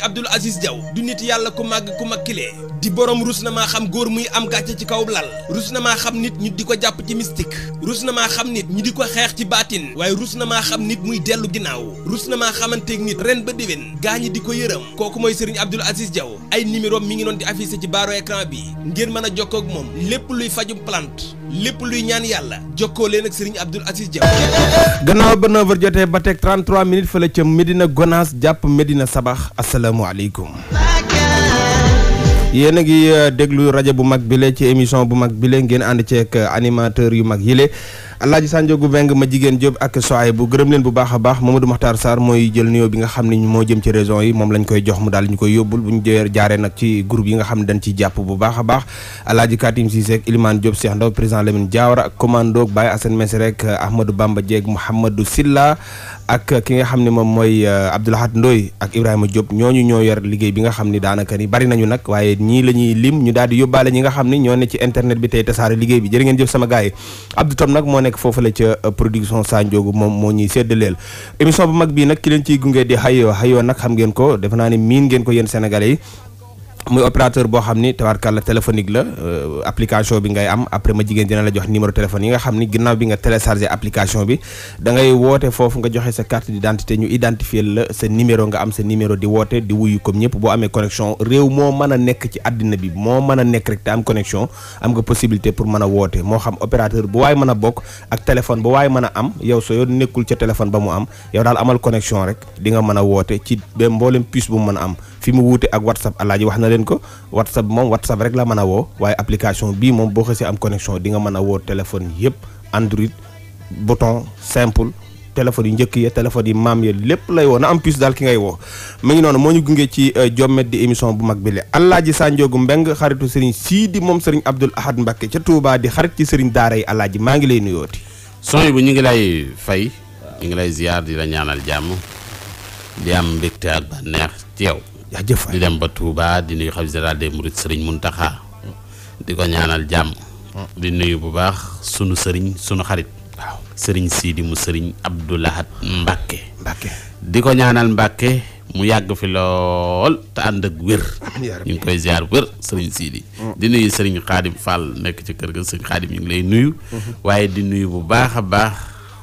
Abdoul Aziz Diaw du nit yàlla ku màgg ku makkilee di borom rus na maa xam góor muy am gàcce ci kaw lal rus na maa xam nit ñi di ko jàpp ci mystique rus na maa xam nit ñu di ko xeex ci baatin waaye rus na maa xam nit muy dellu ginnaaw rus na maa xamanteeg nit ren ba déwén gaa ñi di ko yërëm kooku mooy Serigne Abdoul asis Diaw ay numéro mi ngi noon di affiché ci baaro écran bi ngir mën a jokkoo ak moom lépp luy fajum plante lépp luy ñaan yàlla jokkoo leen ak sëriñ Abdoul Aziz Dia gannaaw ba 9 jotee ba teg 33 minutes fële ca Medina Gonaas jàpp Medina Sabax asalaamualeykum. yéen a ngi euh, déglu rajo bu mag bi bile ci émission bu mag bi bile ngeen ànd ceeg euh, animateur yu mag yi yile. Alaaji Sanjogu Beng ma jigéen Jóob ak soaay bu gërëm leen bu baax a baax Mamadou Makhtar Sarr mooy jël nuyoo bi ne moo jëm ci région koy jox mu daal ñu koy yóbbul bu ñu jaaree nag ci groupe yi nga xam ne dañ a baax Alaaji Katim Cissé ak Ilimane Diop Cheikh Ndaw président ak ki nga xam ne moom mooy euh, Abdoulahat Ndoy ak Ibrahima Diop ñooñu ñoo yor liggéey bi nga xam ni daanaka ni bari nañu nag waaye ñii la ñuy lim ñu daal di yóbbaale ñi nga xam ne ñoo ne ci internet bi tey tasaare liggéey bi jërë ngeen jëf sama gars yi Abdou nag moo nekk foofu la ca euh, production Sandiogou moom moo ñuy séddaleel émission bu mag bii nag ki leen ciy gunge di xayoo xayoo nag xam ngeen ko defe naa ne miin ngeen ko yéen sénégalais muy opérateur boo xam ni tabarkàlla téléphonique la euh, application bi ngay am après ma jigéen dina la jox numéro téléphone yi nga xam ni ginnaaw bi nga téléchargé application bi dangay woote foofu nga joxe sa carte d'identité ñu identifier la sa numéro nga am sa numéro di woote di wuyu comme ñëpp boo amee connexion réew moo mën a nekk ci àddina bi moo mën a nekk rek te am connexion am nga possibilité pour mën a woote moo xam opérateur bu waaye mën a bokk ak téléphone bu waaye mën a am yow soo yow nekkul ca téléphone ba mu am yow daal amal rek di nga mën a woote ci mboolem puce bu mu mën a am fi mu wuute ak whatsapp alaaji wax na leen ko whatsapp moom whatsapp rek la mën a woo waaye application bii moom boo xësee am connexion di nga mën a woo téléphone yëpp android bouton simple téléphone yi njëkk ya téléphone yi maam ya lépp lay woo na am puce daal ki ngay woo mu ngi noonu moo ñu gungee ci euh, jommet di émission bu mag bi le alaaji Sanjoogu Mbeng xaritu sëriñ Siidi moom sëriñ Abdul Ahad Mbakke ca Touba di xarit ci sëriñ daara yi alaaji maa ngi lay nuyooti sooy bu ñu ngi lay fay ñu ngi lay ziar di la ñaanal jàmm di am mbégte ak yow jaajëf di dem ba Touba di nuyu xam général des Mourides Serigne di ko ñaanal jàmm. di nuyu bu baax sunu sëriñ sunu xarit. sëriñ siidi mu sëriñ Abdou Lahad Mbacke. Mbacke di ko ñaanal Mbacke mu yàgg fi lool te ànd ak wér. ñu ngi koy ziar wér sëriñ Sidi. Mm. di nuyu sëriñ Xaadim Fall nekk ci kër ga sëriñ Xaadim ñu ngi lay nuyu. Mm-hmm. waaye di nuyu bu baax a baax.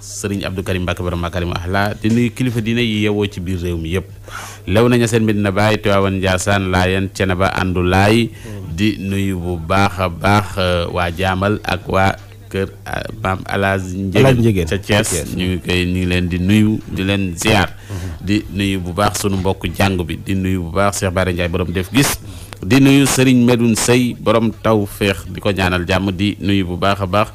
sëriñ Abdou Karim Mbacke borom Makarim Ahla di nuyu kilifa diine yi yewoo ci biir réew mi yëpp lew nañu seen Medina Baye Tiwaawan Njaasaan Laayeen Ceneba àndu laay di nuyu bu baax a baax euh, waa jaamal ak waa kër euh, maam alaaj njëgeen ca Thiès ñu ngi koy ñu ngi leen di nuyu di leen ziar mm-hmm. di nuyu bu baax sunu mbokk jàng bi di nuyu bu baax Cheikh Bara Ndiaye borom def gis di nuyu sëriñ Medoune Sey borom taw feex di ko ñaanal jàmm di nuyu bu baax a baax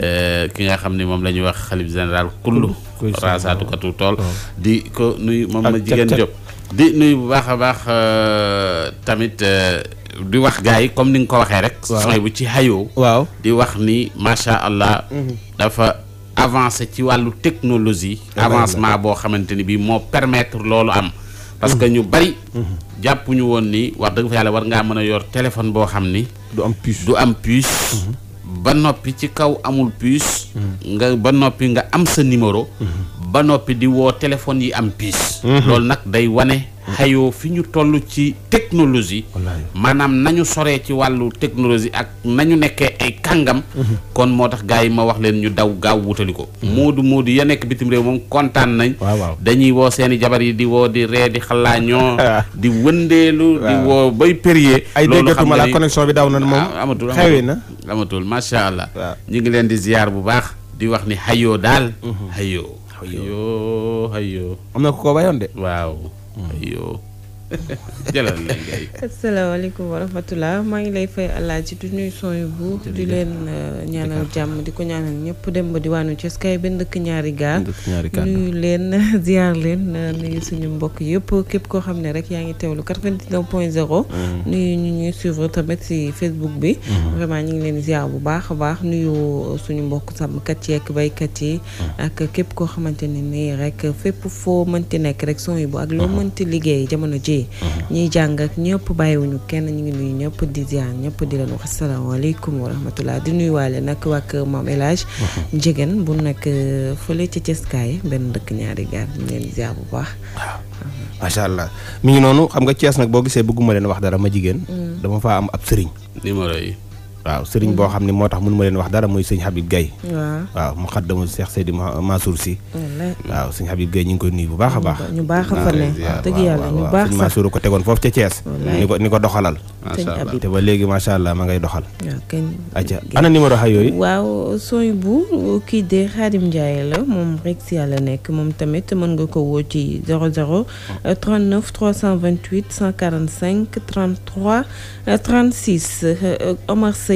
Euh, ki nga xam ni moom la ñuy wax xalif général kullu raasatukatu tool di ko nuyu moom ma jigéen Diop di nuy bu baax a baax euh, tamit euh, di wax gars yi comme ni nga ko waxee rek sooy bu ci hayoo waaw di wax ni macha allah mhm. dafa avancé ci wàllu technologie avancement boo xamante ni bii moo permettre loolu am parce mhm. que ñu bari mhm. jàppuñu woon ni wax dëgg fa yàlla war ngaa mën a yor téléphone boo xam ni du am puce du am puce ba noppi ci kaw amul puce mm-hmm. nga ba noppi nga am sa numéro mm-hmm. ba noppi di woo téléphone yi am puce mm-hmm. lool nag day wane xayoo fi ñu toll ci technologie maanaam nañu soree ci wàllu technologie ak nañu nekkee ay kàngam mhm. kon moo tax gars yi ma wax leen ñu daw gaaw wutali ko mhm. moodu moodu ya nekk bitim réew moom kontaan nañ dañuy woo seeni jabar yi di woo di ree di xalaañoo ah. di wëndeelu di ah. woo bay périer ay déggatuma la connexion bi daw na moom ah, amatul xewee na amatul macha allah ñu ngi leen di ziar bu baax di wax ni xayoo daal xayoo mhm. xayoo xayoo am na ko ko wayoon Hiyo jëlal lay ngay asalaamaaleykum wa rahmatulah maa ngi lay fay alaaji du nuyu son yu bu di leen euh, ñaanal jàmm di ko ñaanal ñëpp dem ba diwaanu Thiès kay benn dëkk ñaari gaar nuyu leen ziar leen euh, nuyu suñu mbokk yëpp képp koo xam ne rek yaa ngi teewlu 99 point 0 mm-hmm. nuyu ñu ñuy suivre tamit si Facebook bi mm-hmm. vraiment ñu ngi leen ziar bu baax a baax nuyu euh, suñu mbokk sàmmkat yi ak baykat yi mm-hmm. ak képp koo xamante ni nii rek fépp foo mënti nekk rek son yu bu ak loo mënti liggéey jamono ji yi mm-hmm. ñiy jàng ak ñëpp bàyyiwuñu kenn ñu ngi nuyu ñëpp di ziar ñëpp di leen wax asalaamaaleykum wa rahmatullah di nuyuwaale nag waa kër Mame El Hadj mm-hmm. Ndiéguène bu nag euh, fële ci Ceskaay benn dëkk ñaari gaar ñu leen ziar bu baax macha allah mi ngi noonu xam nga Cees nag boo gisee bëgguma leen wax dara ma jigéen mm. dama faa am ab sëriñ numéro yi waaw sëriñ boo mm. xam ne moo tax mënu ma leen wax dara mooy sëñ Habib Gaye waaw mu xaddamu Cheikh Seydi Mansour Sy waaw sëñ Habib Gaye ñu ngi koy nuyu bu baax a baax ñu baax a fa ne dëgg yàlla ñu baax ko tegoon foofu ca Thiès ni ko ni ko doxalal te ba léegi macha allah ma ngay doxal aca ana numéro xa yooyu waaw sooy bu kii de Khadim Ndiaye la moom rek si yàlla nekk moom tamit mën nga ko woo ci 00 39 328 145 33 36 Omar Sey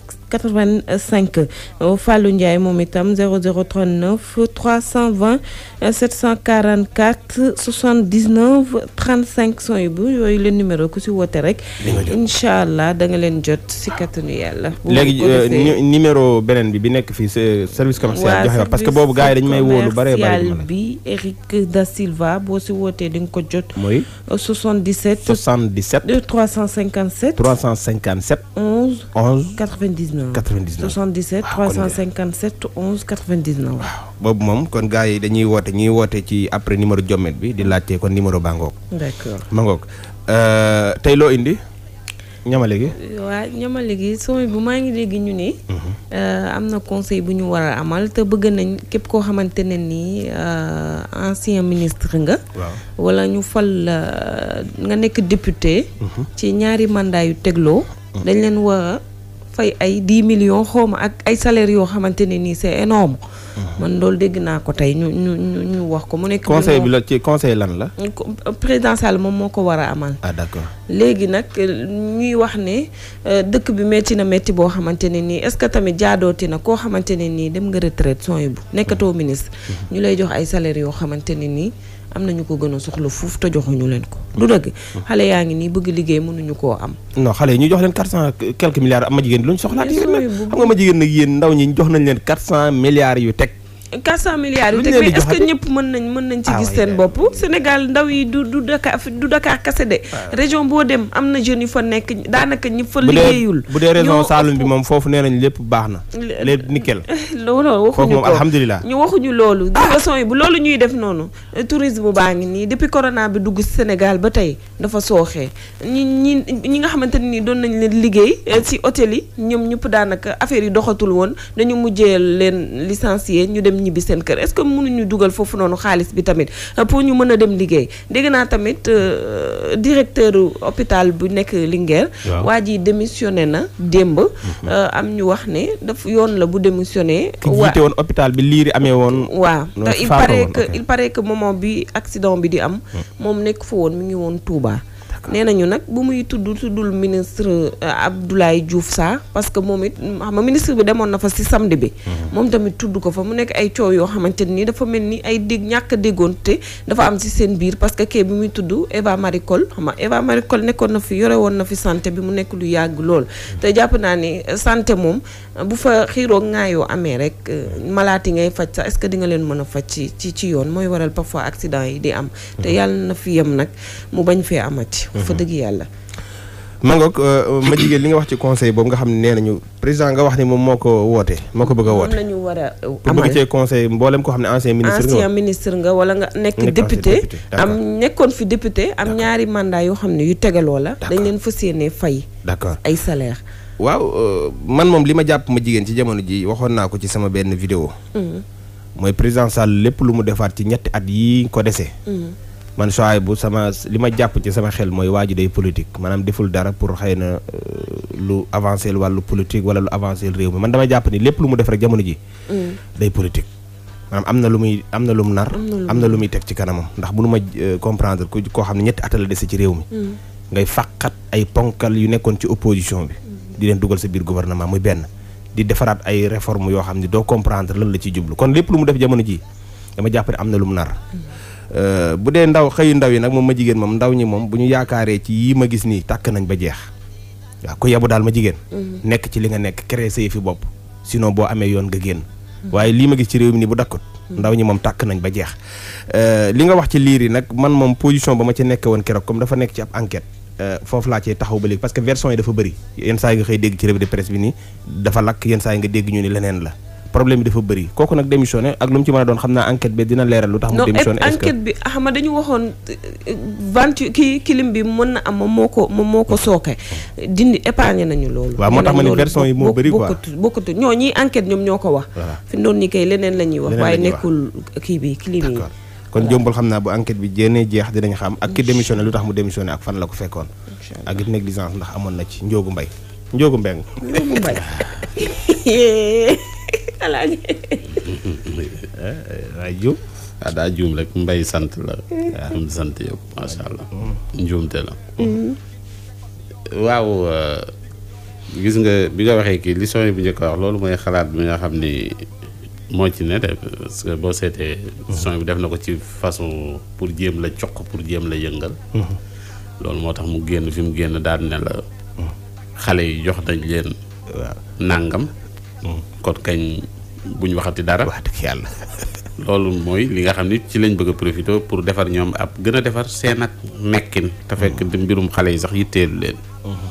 85 Fallou Ndiaye moom itam 0039 320 744 79 35 son bu yooyu leen numéro ku si woote rek. incha allah da nga leen jot si kattanu yàlla. léegi euh, numéro beneen bi bi nekk fii service commercial joxe parce que boobu gars dañu may woo lu bare bare bi Eric Da boo si wootee di nga ko jot. mooy 77 11. 11 99 99 77 357 11 99. waaw boobu moom kon gars yi dañuy woote ñuy woote ci après numéro jommet bi di laajte kon numéro baa ngoog. d'accord ma ngoog euh, tey loo indi. ñamale gi waa ñamale gi sooy bu maa ngi léegi ñu ne. Mhm. Euh, am na conseil bu ñu war a amal te bëgg nañ képp koo xamante ne nii euh, ancien ministre nga. wala ñu fal nga nekk député. Mhm. ci ñaari mandat tegloo. dañ leen war fay ay dix millions xawma ak ay salaires yoo xamante ne nii c'est énorme mhm. man loolu dégg naa ko tey ñu ñu ñu wax ko mu nekk. conseil bi la ci conseil lan la. président moom moo ko war a amal. ah d'accord léegi nag euh, ñuy wax ne euh, dëkk bi métti na métti boo xamante ne nii est-ce que tamit jaadooti na koo xamante ne nii dem nga retraite sooy bu nekkatoo ministre. Mhm. ñu lay jox ay salaires yoo xamante ne nii. am na ñu ko gën a soxla fuuf te joxuñu leen ko. du dëgg xale yaa ngi nii bëgg liggéey mënuñu koo am. non xale yi ñu jox leen quatre cent quelques milliards am ma jigéen luñ soxlaat yéen nag xam nga ma jigéen nag yéen ndaw ñi jox nañ leen quatre cent milliards yu teg. 400 milliards yu teg est-ce que ñëpp mën nañ mën nañ ci ah gis seen bopp Sénégal ndaw yi du du Dakar du Dakar kese de ah région boo dem am na jeunes yu fa nekk daanaka ñëpp fa liggéeyul bu dee région Saloum bi moom foofu nee nañ lépp baax na lépp nickel loolu waxuñu foofu moom alhamdulilah ñu waxuñu loolu façon ah! yi bu loolu ñuy def noonu tourisme baa ngi nii depuis corona bi dugg Sénégal ba tey dafa sooxee ñi ñi ñi nga xamante ne nii doon nañ leen liggéey ci eh, hôtel yi ñoom ñëpp daanaka affaire yi doxatul woon dañu mujjee leen licencier ñu dem ñibbi seen kër est-ce que mënuñu dugal foofu noonu xaalis bi tamit euh, pour ñu mën a dem liggéey dégg naa tamit euh, directeur hôpital bu nekk Linguère. waa ji démissionné na démb. Mhm. Euh, am ñu wax ne daf yoon la bu démissionné. waa ki jiite woon hôpital bi liiri amee woon. waa te il paraît que il paraît que moment bi accident bi di am. Mhm. moom nekk fa woon mi ngi woon tuubaa nee nañu nag bu muy tudd tuddul ministre euh, Abdoulaye Diouf saa parce que moom it xam ministre bi demoon na fa si samedi bi. Mhm. moom tamit tudd ko fa mu nekk ay coow yoo xamante ni dafa mel ni ay dégg ñàkk a déggoonte dafa am si seen biir parce que kii bi muy tudd Eva Marie Coll xam Eva Marie nekkoon na fi yore woon na fi santé bi mu nekk lu yàgg lool. te jàpp naa ne euh, santé moom euh, bu fa xiiroo ŋaayoo amee rek malaat yi ngay faj sax est-ce que di nga leen mën a faj ci ci ci yoon mooy waral parfois accident yi di am. te mhm. yàlla na fi yem nag mu bañ fee amati. fa dëgg yàlla mangoog euh, ma jigéen li nga wax ci conseil boobu nga xam ne nee nañu président nga wax ni moom moo ko woote moo ko bëgg a woote nañu war a euh, pour bëgg cee conseil mboolem ko xam ne ancien ministre ancien ministre nga wala nga nekk député nekkoon fi député am ñaari mandat yoo xam ne yu tegaloo la dañ leen fas yéenee fay d'accord ay salaire waaw euh, man moom li ma jàpp ma jigéen ci jamono ji waxoon naa ko ci sama benn vidéo mm-hmm. mooy président Sall lépp lu mu defaat ci ñetti at yi ko dese mm-hmm. man soaay bu sama li ma jàpp ci sama xel mooy waa ji day politique maanaam deful dara pour xay na euh, lu avancé wàllu politique wala lu avancé réew mi man dama jàpp ni lépp lu mu def jamono ji mm. day politique maanaam am na lu muy am na lu mu nar am na lu muy teg ci kanamam ndax mënu ma euh, comprendre ku koo xam ne ñetti at la ci réew mm. ngay fàqat ay ponkal yu nekkoon ci opposition bi mm. di leen dugal sa biir gouvernement muy benn di defaraat ay réforme yoo xam ne doo comprendre lan la ci jublu kon lépp lu mu def jamono ji dama jàpp ne am na lu mu nar Euh, bu dee ndaw xëyu ndaw yi nag moom ma jigéen moom ndaw ñi moom bu ñu yaakaaree ci yii ma gis nii tàkk nañ ba jeex waaw ku yebu daal ma jigéen mhm. nekk ci li nga nekk créer sa yëfi bopp sinon boo amee yoon nga génn mhm. waaye lii ma gis ci réew mi nii bu dakkut mhm. ndaw ñi moom tàkk nañ ba jeex euh, li nga wax ci liir yi nag man moom position ba ma ci nekk woon keroog comme dafa nekk ci ab enquête euh, foofu laa cee taxaw ba léegi parce que version yi dafa bëri yenn saa yi nga xëy dégg lakk yenn nga dégg ñu ni leneen la problème bi dafa bëri kooku nag démissionné ak lu mu ci mën a doon xam naa enquête bi dina leeral lu tax mu démissionné ah, euh, kii kilim bi mën na am moom moo ko moom moo ko sooke dindi épargné nañu loolu waaw moo tax ma ne version yi moo bëri quoi bokkatu ñoo ñiy enquête ñoom ñoo ko wax fi doon ni kay leneen la ñuy wax waaye nekkul kii bi kilim yi kon jombal xam naa bu enquête bi jéenee jeex dinañ xam ak ki lu tax mu démissionné ak fan la ko fekkoon ak it négligence ndax amoon na ci njoogu mbay njoogu mbeng njoogu mbay alaaji waay eh, juum waaw ah, daa juum rek mbay sant la daa am sant yëpp macha allah njuumte la waaw eh, gis nga bi nga waxee kii li yi bu njëkk wax loolu mooy xalaat bi nga xam ni moo ci ne de parce que boo seetee sony bi def na ko ci façon pour jéem la coq pour jéem la yëngal loolu moo tax mu génn fi mu génn daal ne la xale yi jox nañ leen waaw nàngam kon kañ bu ñu waxati dara. wax dëgg yàlla. loolu mooy li nga xam ni ci lañ bëgg a profité pour defar ñoom ab gën a defar seen ak nekkin. te fekk mm-hmm. mbirum xale yi sax yitteelu leen. Mm-hmm.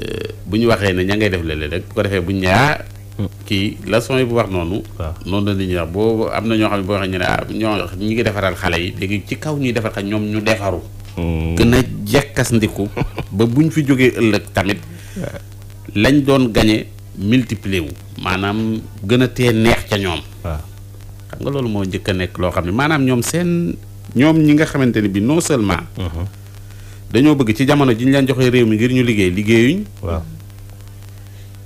Euh, bu ñu waxee ne ña ngay def léeg-léeg rek bu ko defee bu ñu ah, mm-hmm. kii la son yi bu wax noonu. waaw noonu la nit ñi wax boobu am na ñoo xam ne boo xam ne ah ñoo ñi ngi defaral xale yi léegi ci kaw ñuy defar xale ñoom ñu defaru. gën a jekkas ndiku ba buñ fi jógee ëllëg tamit lañ doon gañe multiplier wu maanaam gën a tee neex ca ñoom. waaw xam nga loolu moo njëkk a nekk loo xam ne maanaam ñoom seen ñoom ñi nga xamante ne bi non seulement. Uh-huh. dañoo bëgg ci jamono jiñ ñu leen joxee réew mi ngir ñu liggéey liggéeyuñ. waaw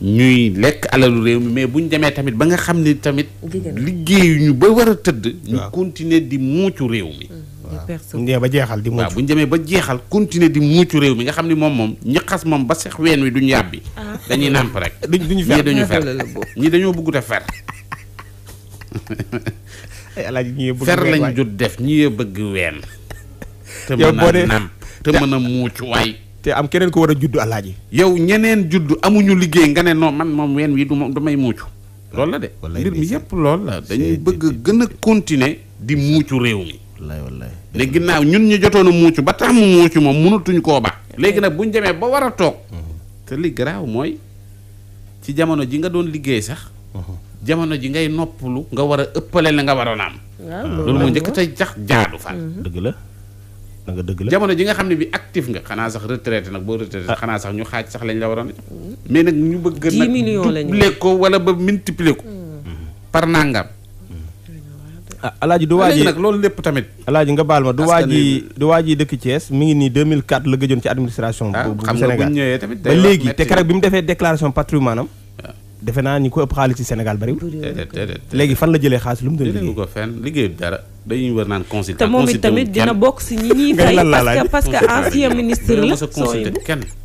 ñuy lekk alalu réew mi mais bu ñu demee tamit ba nga xam ni tamit. liggéeyuñu ba war a tëdd. ñu continuer di muucu réew mi. Mm-hmm. bu ñu demee ba jeexal di bu ñu demee ba jeexal continuer di mucc réew mi nga xam ne moom moom ñi moom ba sex ween wi duñu yàbbi ah. dañuy nàmp rek duñu fer ñii dañu fer ñii dañoo bëggut a fer fer lañ jot def ñi bëgg ween te mën a nàmp mën a muuc waay te am keneen ko war a judd alaaji yow ñeneen judd amuñu liggéey nga ne non man moom ween wii du ma du may muuc loolu la de mbir mi yëpp loolu la dañuy bëgg gën a continuer di muucu réew mi wallaay wallaay léegi ginnaaw ñun ñu jotoon a muucu ba tax mu muucu moom mënatuñ koo ba eh. léegi nag bu ñu demee ba war a toog mm-hmm. te li garaaw mooy ci jamono ji nga doon liggéey sax mm-hmm. jamono ji ngay noppalu nga war a ëppale la nga waroon a am ah. loolu moo njëkk tey sax jaadu fa mm-hmm. dëgg la da dëgg jamono ji nga xam ne bi actif nga xanaa sax retraité nag boo retraité ah. xanaa sax ñu xaaj sax lañ la waroon mais nag ñu bëgg nag duplee ko wala ba multiplier ko par nàngam alaaji du waa ji nag loolu lépp tamit alaaji nga baal ma du waa du waa ji dëkk Thiès mi ngi nii 2004 la gëjoon ci administration ah, bu Sénégal ba léegi te keroog bi mu defee déclaration patrimoine am ah. defe naa ñi ko ëpp xaalis ci Sénégal bariwul léegi fan la jëlee xaalis lu mu doon liggéey ko fenn liggéey dara dañuy war naan consulté te moom it tamit dina bokk si ñi ñuy fay parce que parce que ancien ministre la soo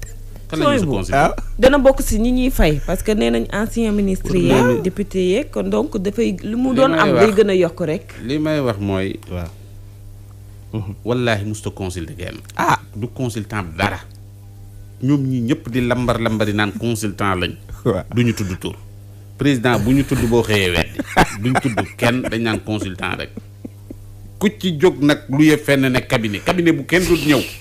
ah dana bokk si ñi ñuy fay parce que nee nañ ancien ministre yeeg député yeeg kon donc dafay lu mu doon am day gën a yokk rek li may wax mooy waaw wallaahi musta consulter kenn ah. du consultant dara ñoom ñi ñëpp di lambar lambari naan consultant lañ du ñu tudd tur président bu ñu tudd boo xëyee weddi duñ tudd kenn dañ naan consultant rek ku ci jóg nag lu ye fenn ne cabinet cabinet bu kenn du ñëw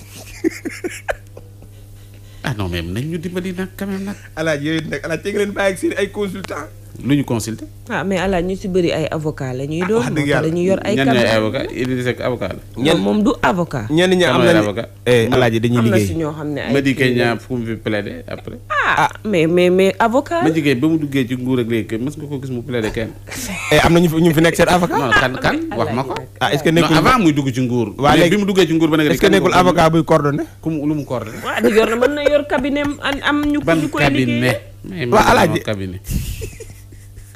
ah non mais nañ ñu dimbali nag quand même nag. alaaj yooyu nag alaaj te nga leen ay consultant lu ñu consulter. ah mais allah ñu si bëri ay avocat la ñuy doon. Ah, dañuy yor ay caméra ñenn ñooy avocat Idrissa moom du avocat. ñenn ñi am nañu eh, alaaji dañuy liggéey am na ñoo xam ne ay. Madi Kenya ah, ah. mais mais mais avocat. Madi Kenya ba mu duggee ci nguur ak léegi mës nga ko gis mu plaider kenn. Eh, am na ñu ñu nekk seen avocat. non ma ko. ah ci nguur. waa léegi mu duggee ci nguur ba nag. est-ce que nekkul avocat buy lu mu coordonné. waaw yor na mën cabinet am ñu. ban cabinet mais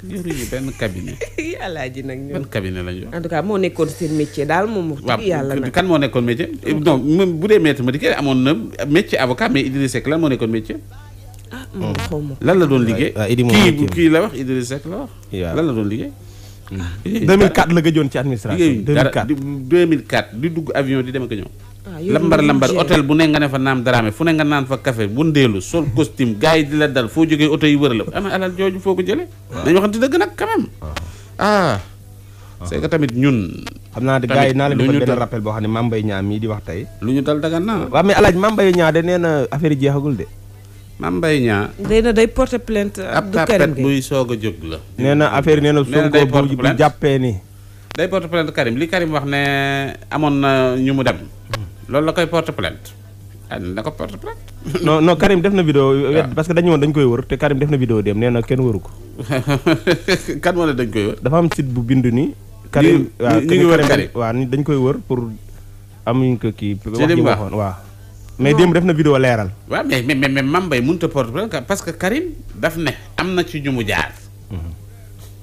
yoruñu benn cabinet. yàllaa ji nag ñoom benn cabinet lañ yor. en tout cas moo nekkoon seen métier daal moom. wax dëgg yàlla kan moo nekkoon métier. non même bu dee maître ma di kii amoon na métier avocat mais Idrissa Seck lan moo nekkoon métier. ah ma lan la doon liggéey. kii kii la wax Idrissa Seck la wax. lan la doon liggéey. 2004 la gëjoon ci administration. 2004 2004 di dugg avion di dem ak ñëw. Ah, lambar lambar hôtel bu ne nga ne fa naam daraame fu ne nga naan fa café bu ndeelu sol costume gars yi di la dal foo jógee oto yi wër la ana alal jooju foo ko jëlee. waaw dañu waxante dëgg nag quand même. Ah. Ah. ah. c'est que tamit ñun. xam naa ne gars yi naa leen defal benn rappel boo xam ne Mame Mbaye Niang mii di wax tey. lu ñu dal dagan naa. waaw mais El mambay ñaa de nee na affaire jeexagul de. Mame mbay Niang. day na day porter plainte. ab Karim Gueye buy soog a jóg la. nee na affaire nee na Sonko bu jàppee ni day porter plainte Karim li Karim wax ne amoon na ñu mu dem. loolu la koy porter plainte. na ko porter plainte. non Karim def na vidéo ah. parce que dañu woon dañ koy wër te Karim def na vidéo dem nee na kenn wëru ko. kan moo ne dañ koy wër. dafa am site bu bind nii Karim ñu ngi dañ koy wër pour am amuñ ko kii. ci li waxoon waaw. mais démb def na vidéo leeral. waaw mais mais mais Mame Mbaye mënut a porte parce que Karim daf ne am na ci ñu mu jaar. Mhm.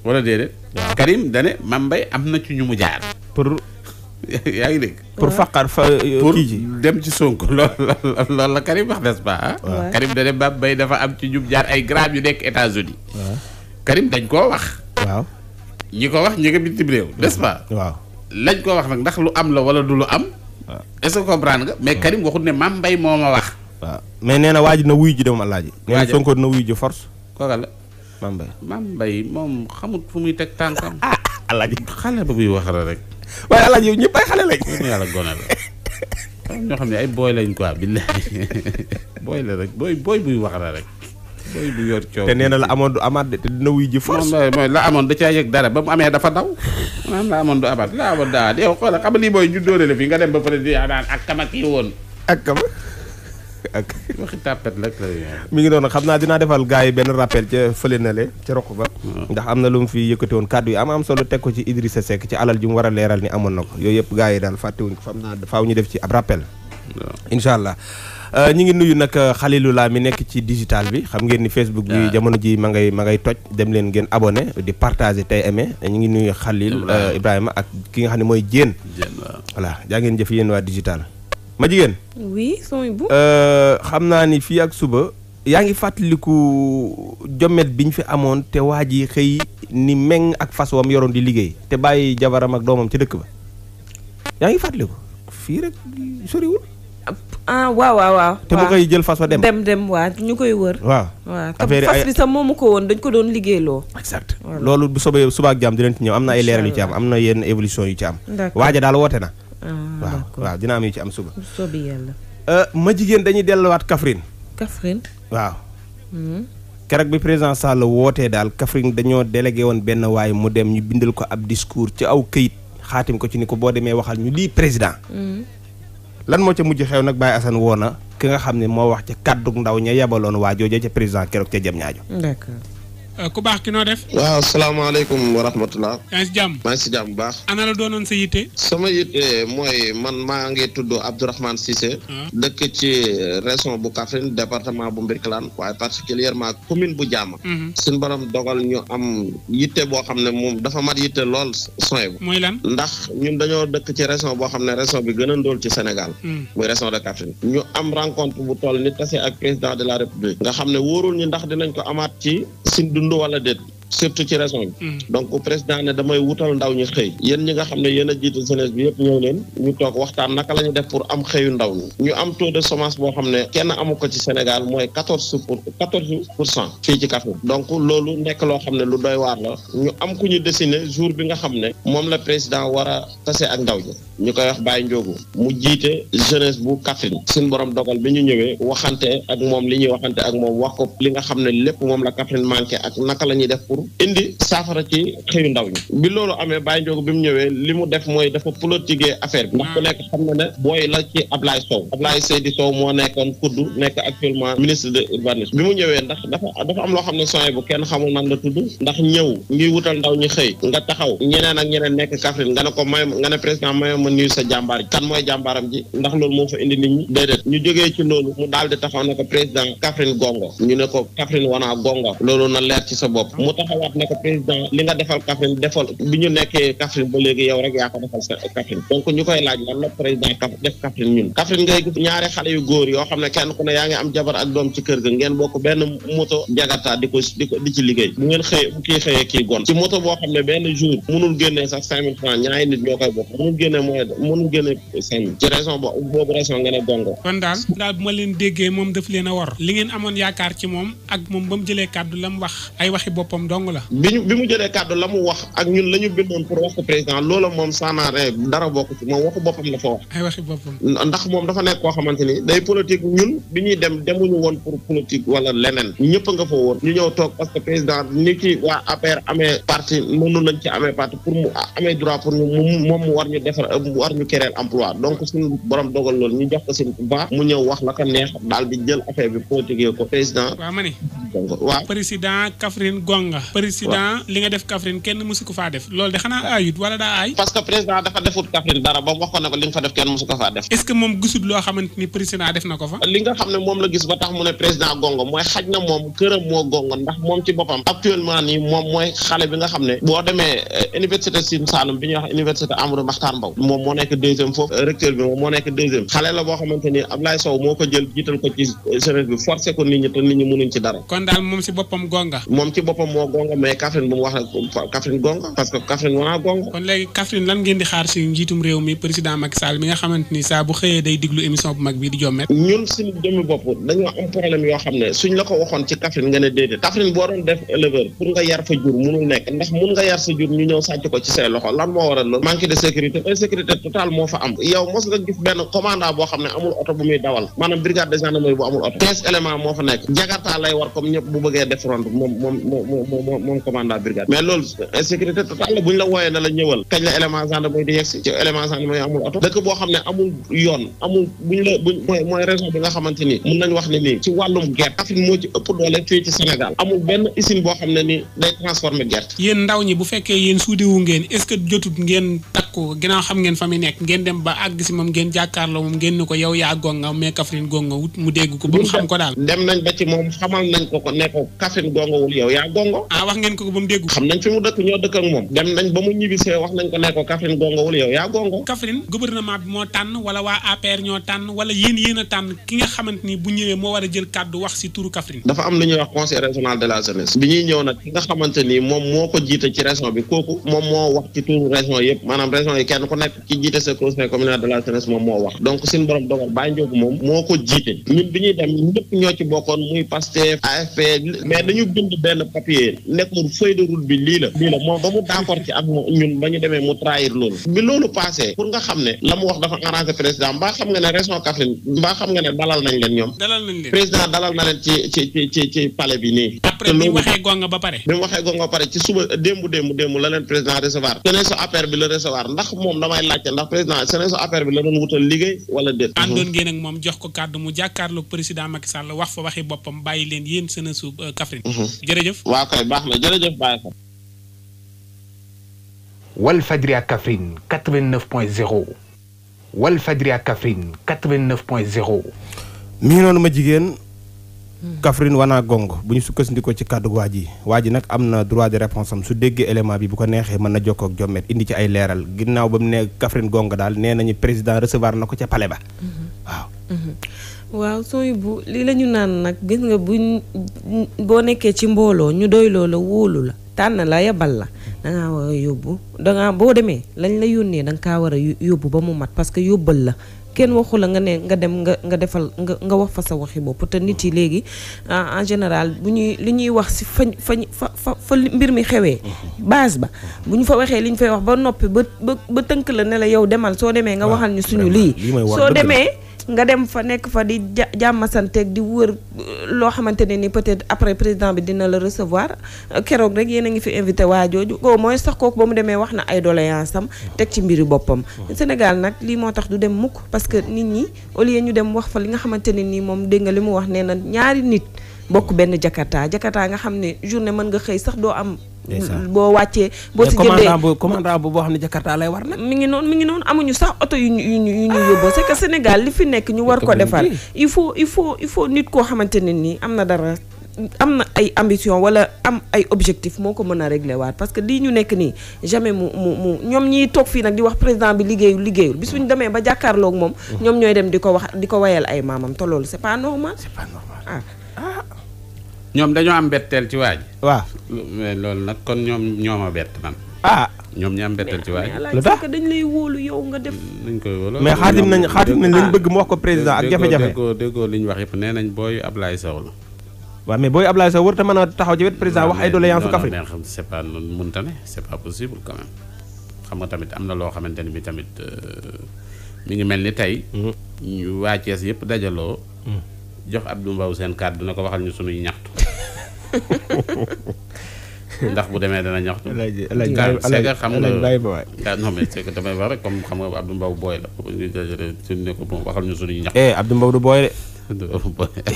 wala déedéet. Karim da ne Mame am na ci ñu mu jaar. pour. yaa ngi dégg. pour faqar fa euh, kii dem ci Sonko lool lool la Karim wax n'est-ce pas. Karim da ne Mame dafa am ci ñu mu jaar ay grave yu nekk États-Unis Karim dañ koo wax. waaw. ñi ko wax ñi nga bitim réew n'est-ce waaw lañ ko wax nag ndax lu am la wala du lu am. waaw est-ce que comprendre nga. mais Karim waxut ne Mame Mbaye moo ma wax. waaw mais nee na waaj na wuyu ji dama laaj. waajal nee na Sonko na wuyu ji force. kooka la. Mame moom xamut fu muy teg tànkam. alaaji xale ba muy wax la rek. waaye alaaji yow ñëpp xale lañ. ñu yàlla gone ñoo xam ne ay booy lañ quoi billahi booy la rek booy booy buy wax rek. mooy bu te nee na la amoon du amaat de te dina wuy ji force. mooy la amoon da caa yëg dara ba mu amee dafa daw. maanaam la amoon du daa yow xoolal booy juddoo la fi nga dem ba pare di daan ak kama kii woon. ak kama ak. waxi mi ngi doon xam naa dina defal gars yi benn rappel ca fële na le ca roq ba. ndax am na lu mu fi yëkkati woon kàddu yi am am solo teg ko ci Idrissa Seck ci alal ji mu war a leeral ni amoon na ko yooyu yëpp gars yi daal fàttewuñ ko naa faaw ñu def ci ab rappel. incha Euh, ñu ngi nuyu nag Xalilulaa euh, mi nekk ci digital bi xam ngeen ni Facebook bi jamono ji ma ngay ma ngay toj dem leen ngeen abonné di partager tey amee ñu ngi nuyu Xalil euh, Ibrahima ak ki nga xam ne mooy Jéen voilà jaa ngeen jëf yéen waa digital ma jigéen oui son bu xam naa ni fii ak suba yaa ngi fàttaliku jommet bi ñu fi amoon te waa ji xëy ni meng ak fas wam yoroon di liggéey te bàyyi jabaram ak doomam ca dëkk ba yaa ngi fàttaliku fii rek soriwul ah waaw waaw waaw. te mu koy jël fas wa dem dem dem ñu koy wër. waaw affaire yi fas bi sax moomu ko woon dañ ko doon liggéeyloo. exact loolu bu soobee suba ak jàmm dinañ ñëw am na ay leeral yu ci am am na yenn évolution yu ci am. waaja daal woote na. Ah, waaw waaw dina am yu ci am suba. soobee yàlla. Euh, ma jigéen dañuy delluwaat kafrin Kaffrine waaw. Hmm. keroog bi président Sall wootee daal kafrin dañoo délégué woon benn waay mu dem ñu bindal ko ab discours ci aw këyit xaatim ko ci ni ko boo demee waxal ñu lii président. Hmm. lan moo ca mujj xew nag Baye Assane woo na ki nga xam ne moo wax ci kàddug ndaw ña yebaloon waa jooja ca président keroog ca jëm ñaajo Euh, ku baax ki noo def. waaw salaamaaleykum wa rahmatulah. yaa ngi si jàmm bu baax. ana la doonoon sa yitte. ma yitte mooy man maa ngi tudd Abdourahmane Cissé. Ah. dëkk ci région bu Kaffrine département bu Mbirkelane waaye particulièrement commune bu Diama. Mhm. suñu borom dogal ñu am yitte boo xam ne moom dafa mat yitte lool sooy bu. mooy lan ndax ñun dañoo dëkk ci région boo xam ne région bi gën a ndóol ci Sénégal. Hmm. muy région de Kaffrine. ñu am rencontre bu toll ni tase la république. nga xam ne wóorul dund wala déet surtout ci région bi. Mm. donc président ne damay wutal ndaw ñi xëy. yéen ñi nga xam ne yéen a jiite jeunesse bi leen ñu toog waxtaan naka la ñu def pour am xëyu ndaw ñi ñu am taux de chômage boo xam ne kenn amu ko ci Sénégal mooy quatorze pour quatorze pour cent ci Kaffrine donc loolu nekk loo xam ne lu doy waar la ñu am ku ñu dessiner jour bi nga xam ne moom la président war a tase ak ndaw ñi ñu koy wax Baye Ndiogu mu jiite jeunesse bu Kaffrine suñu borom dogal bi ñu ñëwee waxante ak moom li ñuy waxante ak moom wax ko li nga xam ne lépp moom la Kaffrine manqué ak naka la ñuy def pour indi saafara ci xëyu ndaw ñi bi loolu amee Baye Ndiogou bi mu ñëwee li mu def mooy dafa politiquer affaire bi ndax ku nekk xam na ne booy la ci Ablaye moo nekkoon kudd nekk actuellement ministre bi mu ñëwee ndax dafa dafa am loo xam ne soe bu kenn xamul nan la tudd ndax ñëw ngi wutal ndaw ñi xëy nga taxaw ñeneen ak ñeneen nekk Kaffrine nga ne ko may nga ne président mayo ma nuyu sa jàmbaar ji kan mooy jàmbaaram ji ndax loolu moo fa indi nit ñi déedéet ñu jógee ci loolu mu daal di taxaw ne président Kaffrine gongo ñu ne ko Kaffrine wanaa gongo loolu na leer ci sa bopp mu tax taxawaat ne président li nga defal Kaffrine defoon bi ñu nekkee Kaffrine ba léegi yow rek yaa ko defal sa Kaffrine ñu koy laaj lan la président def Kaffrine ñun Kaffrine ngay gis nit ñoo koy bokk mënul génnee mooy ci moom a ba mu jëlee kàddu la mu wax ay waxi boppam donc dong la. bi ñu bi mu jëlee kàddu la mu wax ak ñun la ñu bindoon pour wax ko président loola moom saanaare dara bokk ci moom waxu boppam la fa wax. ay waxi boppam. ndax moom dafa nekk koo xamante ni day politique pour ñëpp nga fa woon ñu ñëw toog parce que président ni ci waa APR amee parti mënu nañ ci amee parti pour mu amee droit pour ñu moom mu war ñu defar war ñu créer emploi donc suñu borom dogal loolu ñu jox ko seen mu ñëw wax la ko neex daal di jël affaire bi politique ko président. waaw ma ne. président Kaffrine Gonga. président li nga def Kaffrine kenn mësu ko faa def lool de xanaa aayut wala daa aay. parce que président dafa defut Kaffrine dara ba mu wax ko ne ko li nga fa def kenn mësu ko faa def. est ce que ni moom la gis ba mu ne na moom ci ne boo demee eh, université Sine Saloum bi ñuy wax université Amadou Mahtar Mbow moom moo nekk deuxième foofu eh, recteur bi moom moo nekk deuxième xale la boo xamante ni Ablaye Sow moo ko jël jiital ko ci dara. kon daal moom ci boppam gonga. moom ci boppam moo gonga nga xamante saa bu xëyee day diglu émission bu mag bii di jommet. ñun suñu jëmmi bopp dañoo am problème yoo xam ne suñ la waxoon ci Kaffrine nga déedéet Kaffrine boo doon def éleveur pour nga yar fa jur munul nekk ndax mun nga yar sa jur ñu ñëw sàcc ko ci say loxo lan moo waral loolu manque de sécurité insécurité totale moo fa am yow mos nga gis benn commandant boo xam ne amul oto bu muy dawal maanaam brigade de gendarmerie bu amul oto quinze éléments moom moom commandant brigade mais loolu insécurité totale la bu ñu la wooyee na la ñëwal kañ la élément gendarmerie di yegsi ci élément gendarmerie amul oto dëkk boo xam ne amul yoon amul bu mooy mooy bi nga xamante ni mun nañ wax ne nii ci wàllum gerte Afrique moo ci ëpp doole ci Sénégal amul benn usine boo xam ne ni day transformer gerte yéen ndaw ñi bu fekkee yéen suudewu ngeen est-ce que jotut ngeen takku ginnaaw xam ngeen fa mu nekk ngeen dem ba àgg si moom ngeen jàkkaarloo moom ngeen ni ko yow yaa gonga mais Kaffrine gonga wut mu dégg xam ko daal dem nañ ba ci moom nañ ko ko ne ko Kaffrine gonga wul yow yaa gongo ah wax ngeen ko ba mu dégg xam nañ fi mu dëkk ñoo dëkk ak moom dem nañ ba mu ñibbisee wax nañ ko ne ko Kaffrine gongowul yow yaa gongo Kaffrine gouvernement bi moo tànn wala waa APR ñoo tànn wala yéen yéen a tànn ki nga xamante ni bu ñëwee moo war a jël kàddu wax si turu Kaffrine dafa am lu ñuy wax conseil régional de la jeunesse bi moom moo ko jiite ci région bi kooku moom moo wax ci turu région yëpp maanaam région yi kenn ku nekk ci jiite sa conseil communal de la jeunesse moom moo wax donc suñu borom dogal Baye Ndiogou moom moo ko jiite ñun bi ñuy dem benn papier nekkoon feuille de route bi lii la moom ba mu wax dafa arrangé président mbaa xam nga ne dalal nañ leen ñoom président dalal na leen ci ci ci ci ci palais bi nii après bi mu waxee gonga ba pare bi mu waxee gonga ba pare ci suba démb démb démb la leen président recevoir seneen su affaire bi la recevoir ndax moom damay laajte ndax président seneen su affaire bi la doon wutal liggéey wala déet àndoon ngeen ak moom jox ko kàddu mu jàkkaarloog président Macky Sall wax fa waxi boppam bàyyi leen yéen seneen su euh, baax na jërëjëf Baye Fall. Walfadjri à Kaffrine 89 point 0 Walfadjri à Kaffrine noonu ma jigéen. Kaffrine Wana Gong bu ñu sukkandikoo ci kàddu waa ji waa ji nag am na droit de réponse su déggee élément bi bu ko neexee mën na jokkoo ak jommet indi ci ay leeral ginnaaw ba mu ne Kaffrine Gong daal nee nañu président recevoir na ko ca palais ba mm-hmm. waaw. Mm-hmm. waaw soo bu lii la ñu naan nag gis nga buñ boo nekkee ci mbooloo ñu doyloo la wóolu la tànn la yabal la dangaa war yóbbu dangaa boo demee lañ la yónnee danga kaa war a yóbbu ba mu mat parce que yóbbal la kenn waxu la nga ne nga dem nga nga defal nga nga wax fa sa waxi bopp te nit yi léegi en général bu ñuy li ñuy wax si fañ fa fa fa mbir mi xewee base ba bu ñu fa waxee li ñu fay wax ba noppi ba ba tënk la ne la yow demal soo demee nga waxal ñu suñu lii soo demee nga dem fa nekk fa di ja jàmmasanteeg di wër euh, loo xamante ne ni peut-être après président bi dina la recevoir euh, keroog rek yéen a ngi fi invité waa jooju au moins sax kooku ba mu demee wax na ay doléance am teg ci mbiru boppam. Sénégal nag lii moo tax du dem mukk parce que nit ñi au lieu ñu dem wax fa li nga xamante ne nii moom dégg li mu wax nee na ñaari nit bokk benn jakarta jakarta nga xam ne journée mën nga xëy sax doo am. boo wàccee boo si jëndee mais commandant boo xam ne Jakarta lay war nag mi ngi noonu mi ngi noonu amuñu sax oto yu ñu yu ñu yu ñu Sénégal li fi nekk ñu war ko defar il faut il faut il faut nit koo xamante ne nii am na dara am na ay ambition wala am ay objectif moo ko mën a régler waat parce que lii ñu nekk nii jamais mu mu mu ñoom ñiy toog fii nag di wax président bi liggéeyul liggéeyul bis demee ba jàkkaarloog moom mm-hmm. ñoom ñooy dem di ko wax di ko wayal ay maamam te loolu c'est pas normal c'est pas ah. ñoom dañoo am betteel ci waa waaw loolu nag kon ñoom ñoo ma bett man. ah ñoom ñi am mbetteel ci waa dañ lay wóolu yow nga def. nañ koy wóolu mais xaatim nañ xaatim nañ lañ bëgg mu wax ko président ak jafe-jafe. déggoo déggoo li ñu wax yëpp nee nañ booyu Ablaye Sow la. waaw mais booyu Ablaye Sow warut a mën a taxaw ci wet président wax ay doléances su Kaffrine. xam c'est pas noonu mënta ne xam nga tamit am na loo xamante ne bi tamit euh, mu ngi mel ni tey. Mm-hmm. ñu waa Thiès yëpp dajaloo. Mm-hmm. jox Abdou Mbow seen kàddu na ko waxal ñu sunuy ñaxtu ndax bu demee dana ñaxtu. c'est que xam nga non mais c'est que damay wax rek comme xam nga Abdou Mbow booy la suñu ne ko waxal ñu sunuy ñaxtu. eh Abdou Mbow du booy de.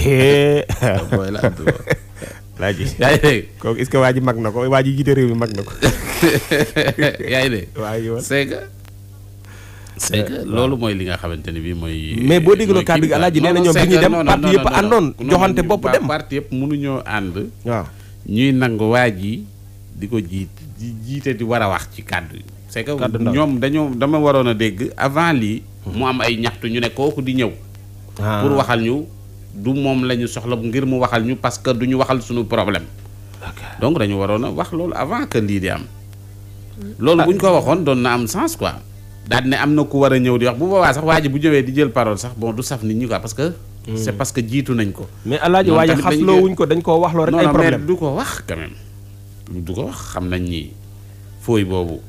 Eh. booy la Abdou Mbow. yaa ngi dégg kooku est-ce que waa ji mag na ko waa ji jiite réew mi mag na ko. yaa ngi dégg. waa c'est que. Euh, loolu mooy li nga xamante ne bii mooy. mais euh, boo dégloo kàddu gi alaaji nee na ñoom bi ñuy dem parti yëpp àndoon joxante bopp dem parti yëpp mënuñoo ànd. waa ñuy nangu waa ji di ko jiit di jiite di war a wax ci kàddu yi. c'est que ñoom dañoo dama waroon a dégg avant lii. mu am ay ñaxtu ñu ne kooku di ñëw. Ah. pour waxal ñu du moom lañu soxla soxla ngir mu waxal ñu parce que du ñu waxal suñu problème. donc dañu waroon a wax loolu avant que lii di am. Hmm. loolu ah. bu ko waxoon doon na am sens quoi. daal ne am na ku war a ñëw di wax bu boobaa sax waa bu ñëwee di jël parole sax bon du saf nit ñi quoi parce que. Hmm. c'est parce que jiitu nañ ko. mais alaaji waa ji xasloo wuñ ko dañ koo wax loo rek. ay problème mais du ko wax quand même. du ko xam nañ ni fooy boobu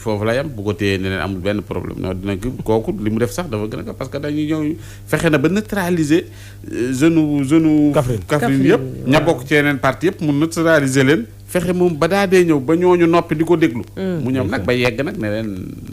foofu la yam bu ko téyee ne amul benn problème non dina kooku li mu def sax dafa gën parce que dañuy ñëw fexe na ba neutraliser euh, jeune jeune. Kaffrine Kaffrine yëpp. ña bokk ci yeneen parti yëpp mu neutraliser leen. fexe moom ba daa dee ñëw ba ñooñu noppi di ko déglu. Mm. mu ñëw nag mm. ba yegg nag ne leen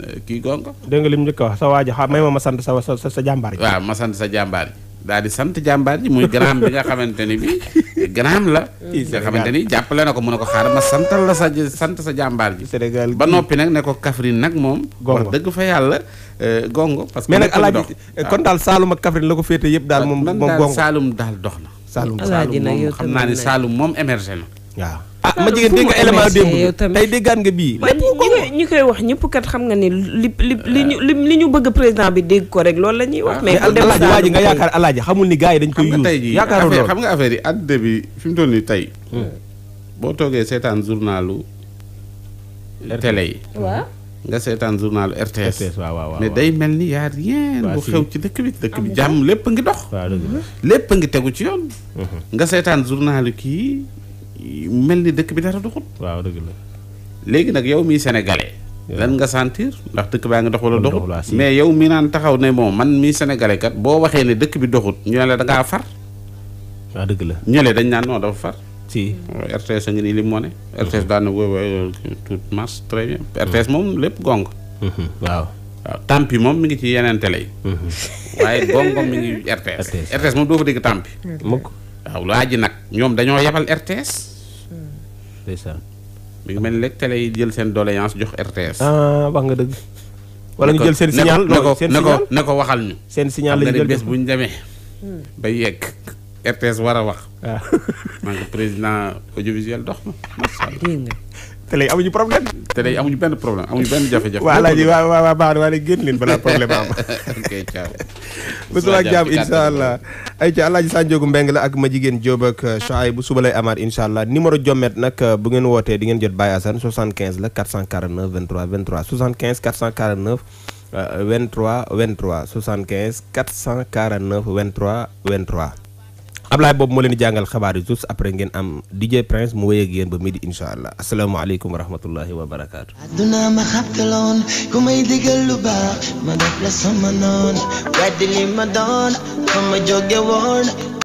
eh, kii gongo. dégg nga lim njëkk wax sa waajo xam may ma sant sa sa sa jàmbaar yi. ma sant sa jàmbaar daal di sant jàmbaar ji muy ganaam bi nga xamante ni bi ganaam la mm. nga xamante ni jàppale na ko mu ne ko xaaral ma santal la sa sant sa jàmbaar ji Sénégal ba noppi nag ne ko Kaffrine nag moom wax dëgg fa yàlla eh, gongo parce que mais nag eh, kon daal Saalum ak la ko féete yëpp daal moom moom gongo Saalum daal dox na Saalum Saalum moom xam naa ni Saalum moom émergé na waaw ah ma jigéen dégg nga élément démb tey déggaat nga ñi koy wax ñëpp kat xam nga ni li li li ñu ah. li ñu bëgg président bi dégg ko rek loolu la ñuy wax ah, mais alaaji waa ji nga yaakaar alaaji xamul ni gars yi dañ koy use yaakaaroon loolu xam nga affaire yi àddina bi fi mu toll nii tey hmm. boo toogee seetaan journalu télé yi waaw nga seetaan journal RTS mais day mel ni yaa rien bu xew ci dëkk bi dëkk bi ah, jàmm lépp ngi dox lépp ngi tegu ci yoon hmm. nga seetaan journalu kii mel ni dëkk bi dara doxut. waaw dëgg la. léegi nag yow mii sénégalais. lan nga sentir ndax dëkk baa nga dox wala doxut. mais yow mi naan taxaw ne moom man mii sénégalais kat boo waxee ne dëkk bi doxut ñu ne la da ngaa far. waaw dëgg la ñële dañ naan non dafa far. si RTS a ngi nii li mu ne. Mm-hmm. RTS daan na woy woy tout marche très mm-hmm. RTS moom lépp gong. Mm-hmm. waaw. waaw tampi moom mu ngi ci yeneen télé yi. waaye gong mi RTS. RTS moom doo fa dégg tampi. waaw laa ji nag ñoom dañoo yebal RTS. ndeysaan. mi ngi mel ni rek télé yi jël seen doléance jox RTS. ah wax nga dëgg. wala ñu jël seen signal loolu seen ne ko waxal ñu. seen signal lañu jël bu ñu demee. Hmm. ba yegg RTS war a wax. waaw ah. man président audiovisuel dox ma. télé yi amuñu problème. télé yi amuñu benn problème amuñu benn jafe-jafe. waaw laaj waaw waaw baax na génn leen balaa Mbeng la ak ma jigéen Jóob ak euh, bu suba lay amaat incha allah numéro Jomet nag euh, bu ngeen wootee di ngeen jot Baye Assane 75 la 449 23 23 75 449. 23 23 75 449 23 23. Ablaye boobu moo leen di jàngal xabaar yi tous après ngeen am DJ Prince mu wéy ak yéen ba midi incha allah asalaamaaleykum wa rahmatullahi wa barakaatu. adduna ma xàkkaloon ku may digal lu baax ma def la sama noon weddi li ma doon fa ma jóge woon.